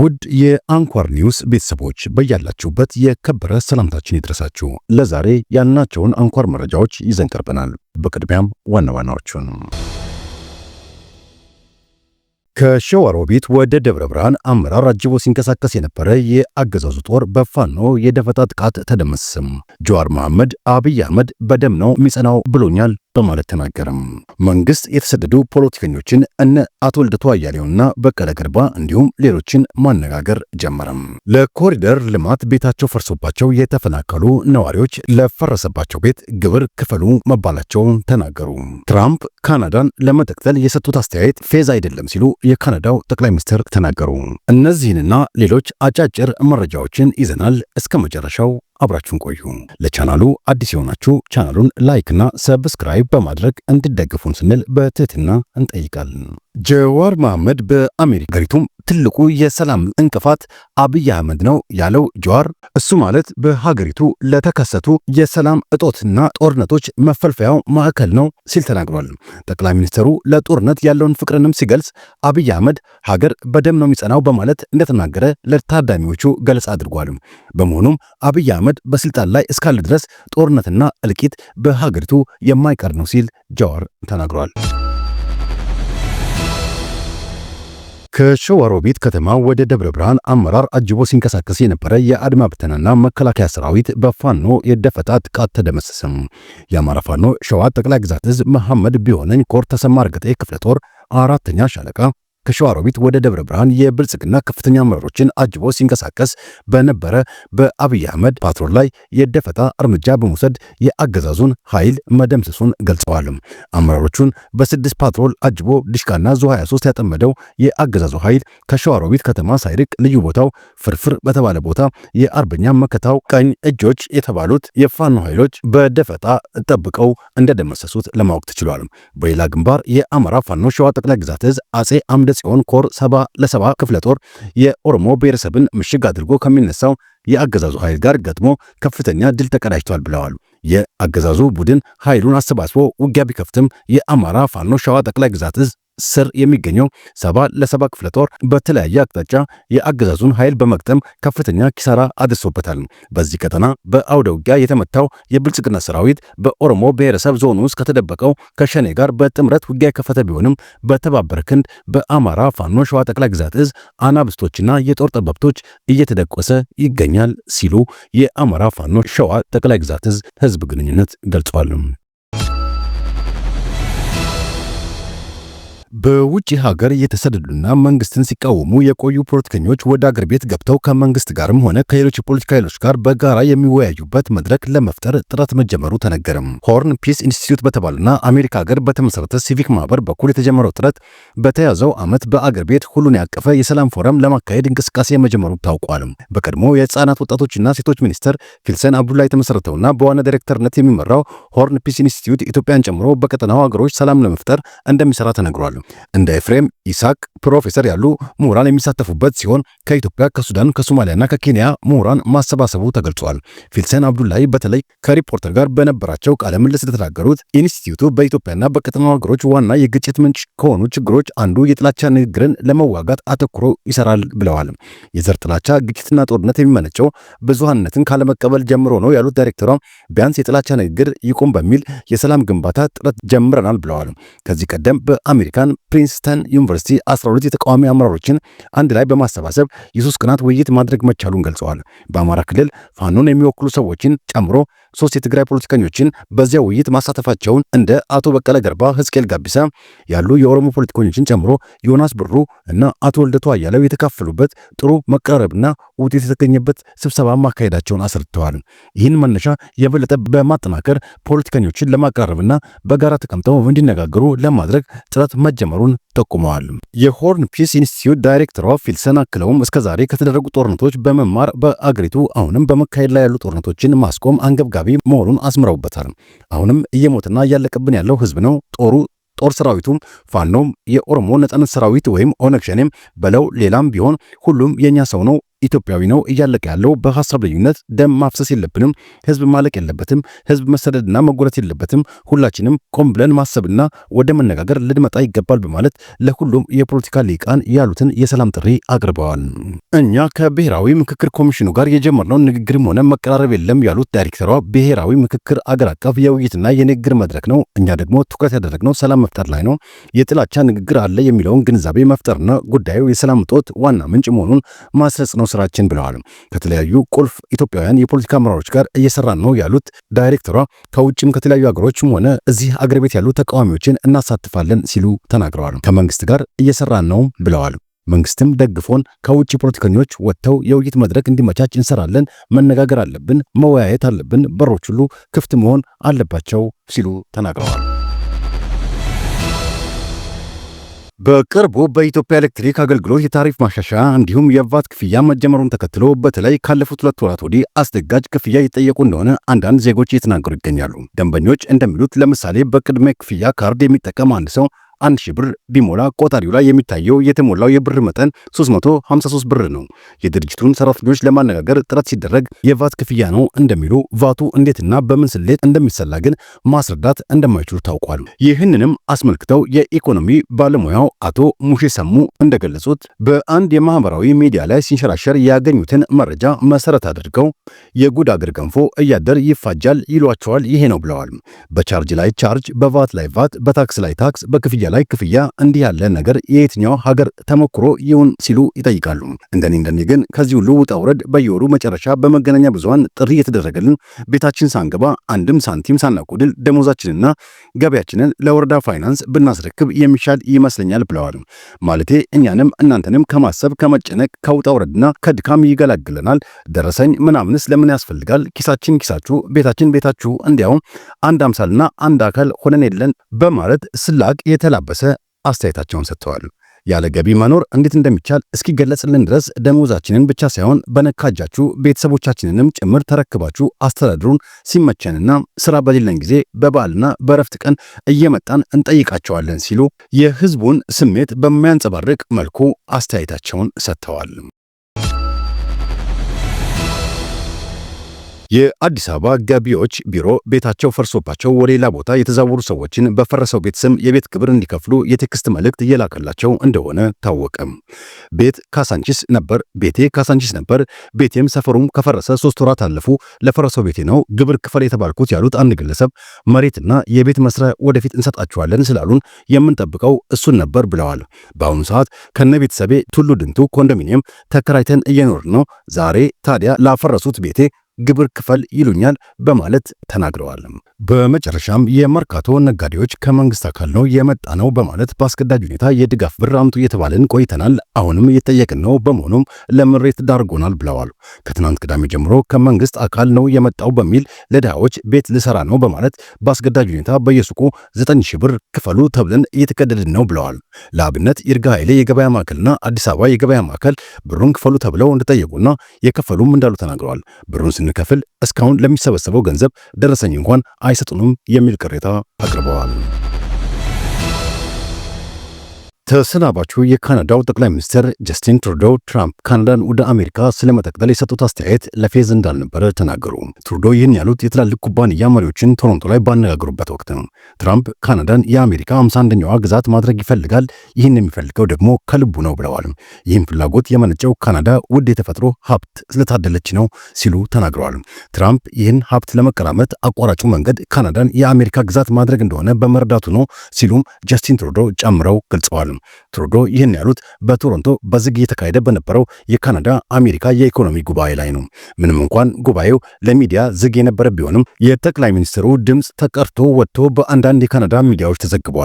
ውድ የአንኳር ኒውስ ቤተሰቦች በያላችሁበት የከበረ ሰላምታችን ይድረሳችሁ። ለዛሬ ያልናቸውን አንኳር መረጃዎች ይዘን ቀርበናል። በቅድሚያም ዋና ዋናዎቹን ከሸዋሮቢት ወደ ደብረ ብርሃን አመራር አጅቦ ሲንቀሳቀስ የነበረ የአገዛዙ ጦር በፋኖ የደፈጣ ጥቃት ተደመሰሰም። ጀዋር መሐመድ አብይ አህመድ በደም ነው የሚጸናው ብሎኛል በማለት ተናገረም። መንግስት የተሰደዱ ፖለቲከኞችን እነ አቶ ልደቱ አያሌውና በቀለ ገርባ እንዲሁም ሌሎችን ማነጋገር ጀመረም። ለኮሪደር ልማት ቤታቸው ፈርሶባቸው የተፈናቀሉ ነዋሪዎች ለፈረሰባቸው ቤት ግብር ክፈሉ መባላቸውን ተናገሩ። ትራምፕ ካናዳን ለመጠቅጠል የሰጡት አስተያየት ፌዝ አይደለም ሲሉ የካናዳው ጠቅላይ ሚኒስትር ተናገሩ። እነዚህንና ሌሎች አጫጭር መረጃዎችን ይዘናል። እስከ መጨረሻው አብራችሁን ቆዩ። ለቻናሉ አዲስ የሆናችሁ ቻናሉን ላይክና ሰብስክራይብ በማድረግ እንድደግፉን ስንል በትህትና እንጠይቃለን። ጀዋር መሐመድ በአሜሪካ ሀገሪቱም ትልቁ የሰላም እንቅፋት አብይ አህመድ ነው ያለው ጀዋር፣ እሱ ማለት በሀገሪቱ ለተከሰቱ የሰላም እጦትና ጦርነቶች መፈልፈያው ማዕከል ነው ሲል ተናግሯል። ጠቅላይ ሚኒስትሩ ለጦርነት ያለውን ፍቅርንም ሲገልጽ አብይ አህመድ ሀገር በደም ነው የሚጸናው በማለት እንደተናገረ ለታዳሚዎቹ ገለጻ አድርጓል። በመሆኑም አብይ አህመድ በስልጣን ላይ እስካለ ድረስ ጦርነትና እልቂት በሀገሪቱ የማይቀር ነው ሲል ጀዋር ተናግሯል። ከሸዋሮቢት ከተማ ወደ ደብረ ብርሃን አመራር አጅቦ ሲንቀሳቀስ የነበረ የአድማ ብተናና መከላከያ ሰራዊት በፋኖ የደፈጣ ጥቃት ተደመሰሰም። የአማራ ፋኖ ሸዋ ጠቅላይ ግዛት እዝ መሐመድ ቢሆነኝ ኮር ተሰማ እርገጤ ክፍለ ጦር አራተኛ ሻለቃ ከሸዋሮቢት ወደ ደብረ ብርሃን የብልጽግና ከፍተኛ አመራሮችን አጅቦ ሲንቀሳቀስ በነበረ በአብይ አህመድ ፓትሮል ላይ የደፈጣ እርምጃ በመውሰድ የአገዛዙን ኃይል መደምሰሱን ገልጸዋል። አመራሮቹን በስድስት ፓትሮል አጅቦ ድሽቃና ዙ 23 ያጠመደው የአገዛዙ ኃይል ከሸዋሮቢት ከተማ ሳይርቅ ልዩ ቦታው ፍርፍር በተባለ ቦታ የአርበኛ መከታው ቀኝ እጆች የተባሉት የፋኖ ኃይሎች በደፈጣ ጠብቀው እንደደመሰሱት ለማወቅ ተችሏል። በሌላ ግንባር የአማራ ፋኖ ሸዋ ጠቅላይ ግዛት እዝ አጼ አምደ አምደ ጽዮን ኮር ሰባ ለሰባ ክፍለ ጦር የኦሮሞ ብሔረሰብን ምሽግ አድርጎ ከሚነሳው የአገዛዙ ኃይል ጋር ገጥሞ ከፍተኛ ድል ተቀዳጅቷል ብለዋል። የአገዛዙ ቡድን ኃይሉን አሰባስቦ ውጊያ ቢከፍትም የአማራ ፋኖ ሸዋ ጠቅላይ ግዛት እዝ ስር የሚገኘው ሰባ ለሰባ ክፍለ ጦር በተለያየ አቅጣጫ የአገዛዙን ኃይል በመግጠም ከፍተኛ ኪሳራ አድርሶበታል። በዚህ ቀጠና በአውደ ውጊያ የተመታው የብልጽግና ሰራዊት በኦሮሞ ብሔረሰብ ዞን ውስጥ ከተደበቀው ከሸኔ ጋር በጥምረት ውጊያ የከፈተ ቢሆንም በተባበረ ክንድ በአማራ ፋኖ ሸዋ ጠቅላይ ግዛት እዝ አናብስቶችና የጦር ጠበብቶች እየተደቆሰ ይገኛል ሲሉ የአማራ ፋኖ ሸዋ ጠቅላይ ግዛት እዝ ህዝብ ግንኙነት ገልጿል። በውጭ ሀገር የተሰደዱና መንግስትን ሲቃወሙ የቆዩ ፖለቲከኞች ወደ አገር ቤት ገብተው ከመንግስት ጋርም ሆነ ከሌሎች የፖለቲካ ኃይሎች ጋር በጋራ የሚወያዩበት መድረክ ለመፍጠር ጥረት መጀመሩ ተነገረም። ሆርን ፒስ ኢንስቲትዩት በተባለና አሜሪካ ሀገር በተመሰረተ ሲቪክ ማህበር በኩል የተጀመረው ጥረት በተያዘው ዓመት በአገር ቤት ሁሉን ያቀፈ የሰላም ፎረም ለማካሄድ እንቅስቃሴ መጀመሩ ታውቋል። በቀድሞ የህፃናት ወጣቶችና ሴቶች ሚኒስትር ፊልሰን አብዱላ የተመሰረተውና በዋና ዳይሬክተርነት የሚመራው ሆርን ፒስ ኢንስቲትዩት ኢትዮጵያን ጨምሮ በቀጠናው ሀገሮች ሰላም ለመፍጠር እንደሚሰራ ተነግሯል። እንደ ኤፍሬም ኢሳቅ ፕሮፌሰር ያሉ ምሁራን የሚሳተፉበት ሲሆን ከኢትዮጵያ፣ ከሱዳን፣ ከሶማሊያና ከኬንያ ምሁራን ማሰባሰቡ ተገልጿል። ፊልሰን አብዱላይ በተለይ ከሪፖርተር ጋር በነበራቸው ቃለ ምልልስ እንደተናገሩት ኢንስቲትዩቱ በኢትዮጵያና በቀጠናው ሀገሮች ዋና የግጭት ምንጭ ከሆኑ ችግሮች አንዱ የጥላቻ ንግግርን ለመዋጋት አተኩሮ ይሰራል ብለዋል። የዘር ጥላቻ፣ ግጭትና ጦርነት የሚመነጨው ብዙሃንነትን ካለመቀበል ጀምሮ ነው ያሉት ዳይሬክተሯ ቢያንስ የጥላቻ ንግግር ይቁም በሚል የሰላም ግንባታ ጥረት ጀምረናል ብለዋል። ከዚህ ቀደም በአሜሪካን ፕሪንስተን ፕሪንስተን ዩኒቨርሲቲ 12 የተቃዋሚ አመራሮችን አንድ ላይ በማሰባሰብ የሶስት ቀናት ውይይት ማድረግ መቻሉን ገልጸዋል። በአማራ ክልል ፋኖን የሚወክሉ ሰዎችን ጨምሮ ሶስት የትግራይ ፖለቲከኞችን በዚያ ውይይት ማሳተፋቸውን እንደ አቶ በቀለ ገርባ፣ ህዝቅኤል ጋቢሳ ያሉ የኦሮሞ ፖለቲከኞችን ጨምሮ ዮናስ ብሩ እና አቶ ወልደቱ አያለው የተካፈሉበት ጥሩ መቀራረብና ውጤት የተገኘበት ስብሰባ ማካሄዳቸውን አስረድተዋል። ይህን መነሻ የበለጠ በማጠናከር ፖለቲከኞችን ለማቀራረብና በጋራ ተቀምጠው እንዲነጋገሩ ለማድረግ ጥረት መጀመሩን ጠቁመዋል። የሆርን ፒስ ኢንስቲትዩት ዳይሬክተሯ ፊልሰን አክለውም እስከዛሬ ከተደረጉ ጦርነቶች በመማር በአገሪቱ አሁንም በመካሄድ ላይ ያሉ ጦርነቶችን ማስቆም አንገብጋ አንገብጋቢ መሆኑን አስምረውበታል። አሁንም እየሞትና እያለቀብን ያለው ህዝብ ነው። ጦሩ ጦር ሰራዊቱም ፋኖም የኦሮሞ ነጻነት ሰራዊት ወይም ኦነግ ሸኔም በለው ሌላም ቢሆን ሁሉም የኛ ሰው ነው። ኢትዮጵያዊ ነው። እያለቀ ያለው በሐሳብ ልዩነት ደም ማፍሰስ የለብንም። ህዝብ ማለቅ የለበትም። ህዝብ መሰደድና መጎረት የለበትም። ሁላችንም ቆም ብለን ማሰብና ወደ መነጋገር ልድመጣ ይገባል በማለት ለሁሉም የፖለቲካ ሊቃን ያሉትን የሰላም ጥሪ አቅርበዋል። እኛ ከብሔራዊ ምክክር ኮሚሽኑ ጋር የጀመርነው ንግግርም ሆነ መቀራረብ የለም ያሉት ዳይሬክተሯ ብሔራዊ ምክክር አገር አቀፍ የውይይትና የንግግር መድረክ ነው። እኛ ደግሞ ትኩረት ያደረግነው ሰላም መፍጠር ላይ ነው። የጥላቻ ንግግር አለ የሚለውን ግንዛቤ መፍጠርና ጉዳዩ የሰላም እጦት ዋና ምንጭ መሆኑን ማስረጽ ነው ስራችን ብለዋል። ከተለያዩ ቁልፍ ኢትዮጵያውያን የፖለቲካ አመራሮች ጋር እየሰራን ነው ያሉት ዳይሬክተሯ ከውጭም ከተለያዩ ሀገሮችም ሆነ እዚህ አገር ቤት ያሉ ተቃዋሚዎችን እናሳትፋለን ሲሉ ተናግረዋል። ከመንግስት ጋር እየሰራን ነው ብለዋል። መንግስትም ደግፎን ከውጭ ፖለቲከኞች ወጥተው የውይይት መድረክ እንዲመቻች እንሰራለን። መነጋገር አለብን፣ መወያየት አለብን። በሮች ሁሉ ክፍት መሆን አለባቸው ሲሉ ተናግረዋል። በቅርቡ በኢትዮጵያ ኤሌክትሪክ አገልግሎት የታሪፍ ማሻሻያ እንዲሁም የቫት ክፍያ መጀመሩን ተከትሎ በተለይ ካለፉት ሁለት ወራት ወዲህ አስደጋጅ ክፍያ እየጠየቁ እንደሆነ አንዳንድ ዜጎች እየተናገሩ ይገኛሉ። ደንበኞች እንደሚሉት ለምሳሌ በቅድመ ክፍያ ካርድ የሚጠቀም አንድ ሰው አንድ ሺህ ብር ቢሞላ ቆጣሪው ላይ የሚታየው የተሞላው የብር መጠን 353 ብር ነው። የድርጅቱን ሰራተኞች ለማነጋገር ጥረት ሲደረግ የቫት ክፍያ ነው እንደሚሉ ቫቱ እንዴትና በምን ስሌት እንደሚሰላ ግን ማስረዳት እንደማይችሉ ታውቋል። ይህንንም አስመልክተው የኢኮኖሚ ባለሙያው አቶ ሙሼ ሰሙ እንደገለጹት በአንድ የማህበራዊ ሚዲያ ላይ ሲንሸራሸር ያገኙትን መረጃ መሰረት አድርገው የጉድ አገር ገንፎ እያደር ይፋጃል ይሏቸዋል። ይሄ ነው ብለዋል። በቻርጅ ላይ ቻርጅ፣ በቫት ላይ ቫት፣ በታክስ ላይ ታክስ፣ በክፍያ ላይ ክፍያ እንዲህ ያለ ነገር የየትኛው ሀገር ተሞክሮ ይሁን ሲሉ ይጠይቃሉ። እንደኔ እንደኔ ግን ከዚህ ሁሉ ውጣ ውረድ በየወሩ መጨረሻ በመገናኛ ብዙኃን ጥሪ የተደረገልን ቤታችን ሳንገባ አንድም ሳንቲም ሳናጎድል ደሞዛችንና ገቢያችንን ለወረዳ ፋይናንስ ብናስረክብ የሚሻል ይመስለኛል ብለዋል። ማለቴ እኛንም እናንተንም ከማሰብ ከመጨነቅ ከውጣ ውረድና ከድካም ይገላግለናል። ደረሰኝ ምናምንስ ለምን ያስፈልጋል? ኪሳችን ኪሳችሁ፣ ቤታችን ቤታችሁ እንዲያውም አንድ አምሳልና አንድ አካል ሆነን የለን በማለት ስላቅ የተላ እንዳላበሰ አስተያየታቸውን ሰጥተዋል። ያለ ገቢ መኖር እንዴት እንደሚቻል እስኪገለጽልን ድረስ ደመወዛችንን ብቻ ሳይሆን በነካ እጃችሁ ቤተሰቦቻችንንም ጭምር ተረክባችሁ አስተዳድሩን። ሲመቸንና ስራ በሌለን ጊዜ በበዓልና በእረፍት ቀን እየመጣን እንጠይቃቸዋለን ሲሉ የህዝቡን ስሜት በሚያንጸባርቅ መልኩ አስተያየታቸውን ሰጥተዋል። የአዲስ አበባ ገቢዎች ቢሮ ቤታቸው ፈርሶባቸው ወደ ሌላ ቦታ የተዛወሩ ሰዎችን በፈረሰው ቤት ስም የቤት ግብር እንዲከፍሉ የቴክስት መልእክት እየላከላቸው እንደሆነ ታወቀም። ቤት ካሳንቺስ ነበር፣ ቤቴ ካሳንቺስ ነበር፣ ቤቴም ሰፈሩም ከፈረሰ ሶስት ወራት አለፉ። ለፈረሰው ቤቴ ነው ግብር ክፈል የተባልኩት ያሉት አንድ ግለሰብ መሬትና የቤት መስሪያ ወደፊት እንሰጣችኋለን ስላሉን የምንጠብቀው እሱን ነበር ብለዋል። በአሁኑ ሰዓት ከነ ቤተሰቤ ቱሉ ድንቱ ኮንዶሚኒየም ተከራይተን እየኖርን ነው። ዛሬ ታዲያ ላፈረሱት ቤቴ ግብር ክፈል ይሉኛል በማለት ተናግረዋል። በመጨረሻም የመርካቶ ነጋዴዎች ከመንግስት አካል ነው የመጣ ነው በማለት በአስገዳጅ ሁኔታ የድጋፍ ብር አምጡ እየተባለን ቆይተናል፣ አሁንም እየጠየቅን ነው፣ በመሆኑም ለምሬት ዳርጎናል ብለዋል። ከትናንት ቅዳሜ ጀምሮ ከመንግስት አካል ነው የመጣው በሚል ለድሃዎች ቤት ልሰራ ነው በማለት በአስገዳጅ ሁኔታ በየሱቁ 9000 ብር ክፈሉ ተብለን እየተቀደድን ነው ብለዋል። ለአብነት ይርጋ ኃይሌ የገበያ ማዕከልና አዲስ አበባ የገበያ ማዕከል ብሩን ክፈሉ ተብለው እንደጠየቁና የከፈሉም እንዳሉ ተናግረዋል። ብሩን ብንከፍል እስካሁን ለሚሰበሰበው ገንዘብ ደረሰኝ እንኳን አይሰጡንም የሚል ቅሬታ አቅርበዋል። ተሰናባቹ የካናዳው ጠቅላይ ሚኒስትር ጀስቲን ትሩዶ ትራምፕ ካናዳን ወደ አሜሪካ ስለመጠቅለል የሰጡት አስተያየት ለፌዝ እንዳልነበረ ተናገሩ። ትሩዶ ይህን ያሉት የትላልቅ ኩባንያ መሪዎችን ቶሮንቶ ላይ ባነጋገሩበት ወቅት ነው። ትራምፕ ካናዳን የአሜሪካ 51ኛዋ ግዛት ማድረግ ይፈልጋል፣ ይህን የሚፈልገው ደግሞ ከልቡ ነው ብለዋል። ይህም ፍላጎት የመነጨው ካናዳ ውድ የተፈጥሮ ሀብት ስለታደለች ነው ሲሉ ተናግረዋል። ትራምፕ ይህን ሀብት ለመቀራመት አቋራጩ መንገድ ካናዳን የአሜሪካ ግዛት ማድረግ እንደሆነ በመረዳቱ ነው ሲሉም ጀስቲን ትሩዶ ጨምረው ገልጸዋል። ትሩዶ ይህን ያሉት በቶሮንቶ በዝግ እየተካሄደ በነበረው የካናዳ አሜሪካ የኢኮኖሚ ጉባኤ ላይ ነው። ምንም እንኳን ጉባኤው ለሚዲያ ዝግ የነበረ ቢሆንም የጠቅላይ ሚኒስትሩ ድምፅ ተቀርቶ ወጥቶ በአንዳንድ የካናዳ ሚዲያዎች ተዘግቧል።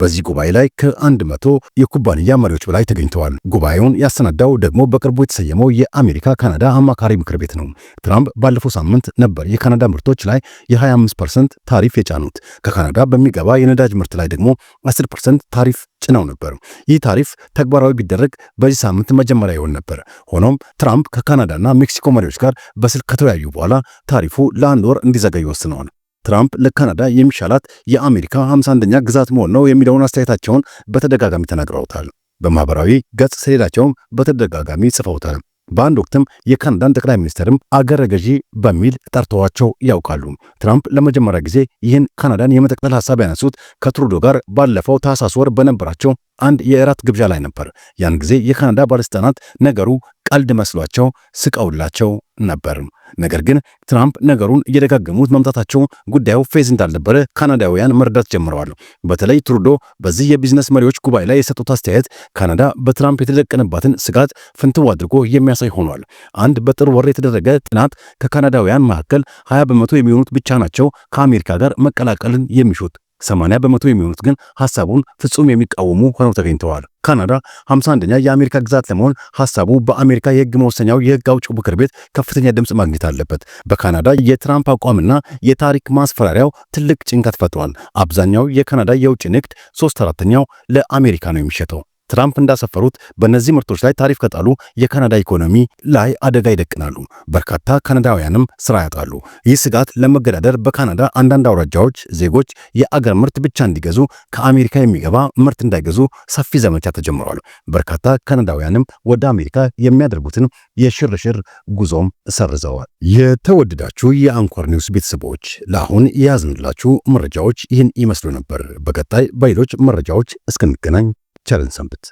በዚህ ጉባኤ ላይ ከ100 የኩባንያ መሪዎች በላይ ተገኝተዋል። ጉባኤውን ያሰናዳው ደግሞ በቅርቡ የተሰየመው የአሜሪካ ካናዳ አማካሪ ምክር ቤት ነው። ትራምፕ ባለፈው ሳምንት ነበር የካናዳ ምርቶች ላይ የ25 ፐርሰንት ታሪፍ የጫኑት። ከካናዳ በሚገባ የነዳጅ ምርት ላይ ደግሞ 10 ፐርሰንት ታሪፍ ጭነው ነበር። ይህ ታሪፍ ተግባራዊ ቢደረግ በዚህ ሳምንት መጀመሪያ ይሆን ነበር። ሆኖም ትራምፕ ከካናዳና ሜክሲኮ መሪዎች ጋር በስልክ ከተወያዩ በኋላ ታሪፉ ለአንድ ወር እንዲዘገይ ወስነዋል። ትራምፕ ለካናዳ የሚሻላት የአሜሪካ 51ኛ ግዛት መሆን ነው የሚለውን አስተያየታቸውን በተደጋጋሚ ተናግረውታል። በማህበራዊ ገጽ ሰሌዳቸውም በተደጋጋሚ ጽፈውታል። በአንድ ወቅትም የካናዳን ጠቅላይ ሚኒስትርም አገረ ገዢ በሚል ጠርተዋቸው ያውቃሉ። ትራምፕ ለመጀመሪያ ጊዜ ይህን ካናዳን የመጠቅጠል ሀሳብ ያነሱት ከትሩዶ ጋር ባለፈው ታህሳስ ወር በነበራቸው አንድ የእራት ግብዣ ላይ ነበር። ያን ጊዜ የካናዳ ባለስልጣናት ነገሩ ቀልድ መስሏቸው ስቀውላቸው ነበር። ነገር ግን ትራምፕ ነገሩን እየደጋገሙት መምጣታቸው ጉዳዩ ፌዝ እንዳልነበረ ካናዳውያን መረዳት ጀምረዋል። በተለይ ትሩዶ በዚህ የቢዝነስ መሪዎች ጉባኤ ላይ የሰጡት አስተያየት ካናዳ በትራምፕ የተደቀነባትን ስጋት ፍንትው አድርጎ የሚያሳይ ሆኗል። አንድ በጥር ወር የተደረገ ጥናት ከካናዳውያን መካከል 20 በመቶ የሚሆኑት ብቻ ናቸው ከአሜሪካ ጋር መቀላቀልን የሚሹት። 80 በመቶ የሚሆኑት ግን ሐሳቡን ፍጹም የሚቃወሙ ሆነው ተገኝተዋል። ካናዳ 51ኛ የአሜሪካ ግዛት ለመሆን ሐሳቡ በአሜሪካ የህግ መወሰኛው የህግ አውጭ ምክር ቤት ከፍተኛ ድምፅ ማግኘት አለበት። በካናዳ የትራምፕ አቋምና የታሪክ ማስፈራሪያው ትልቅ ጭንቀት ፈጥሯል። አብዛኛው የካናዳ የውጭ ንግድ ሶስት አራተኛው ለአሜሪካ ነው የሚሸጠው። ትራምፕ እንዳሰፈሩት በእነዚህ ምርቶች ላይ ታሪፍ ከጣሉ የካናዳ ኢኮኖሚ ላይ አደጋ ይደቅናሉ። በርካታ ካናዳውያንም ስራ ያጣሉ። ይህ ስጋት ለመገዳደር በካናዳ አንዳንድ አውራጃዎች ዜጎች የአገር ምርት ብቻ እንዲገዙ፣ ከአሜሪካ የሚገባ ምርት እንዳይገዙ ሰፊ ዘመቻ ተጀምሯል። በርካታ ካናዳውያንም ወደ አሜሪካ የሚያደርጉትን የሽርሽር ጉዞም ሰርዘዋል። የተወደዳችሁ የአንኳር ኒውስ ቤተሰቦች ለአሁን የያዝንላችሁ መረጃዎች ይህን ይመስሉ ነበር። በቀጣይ በሌሎች መረጃዎች እስክንገናኝ ቸርን ሰንብት።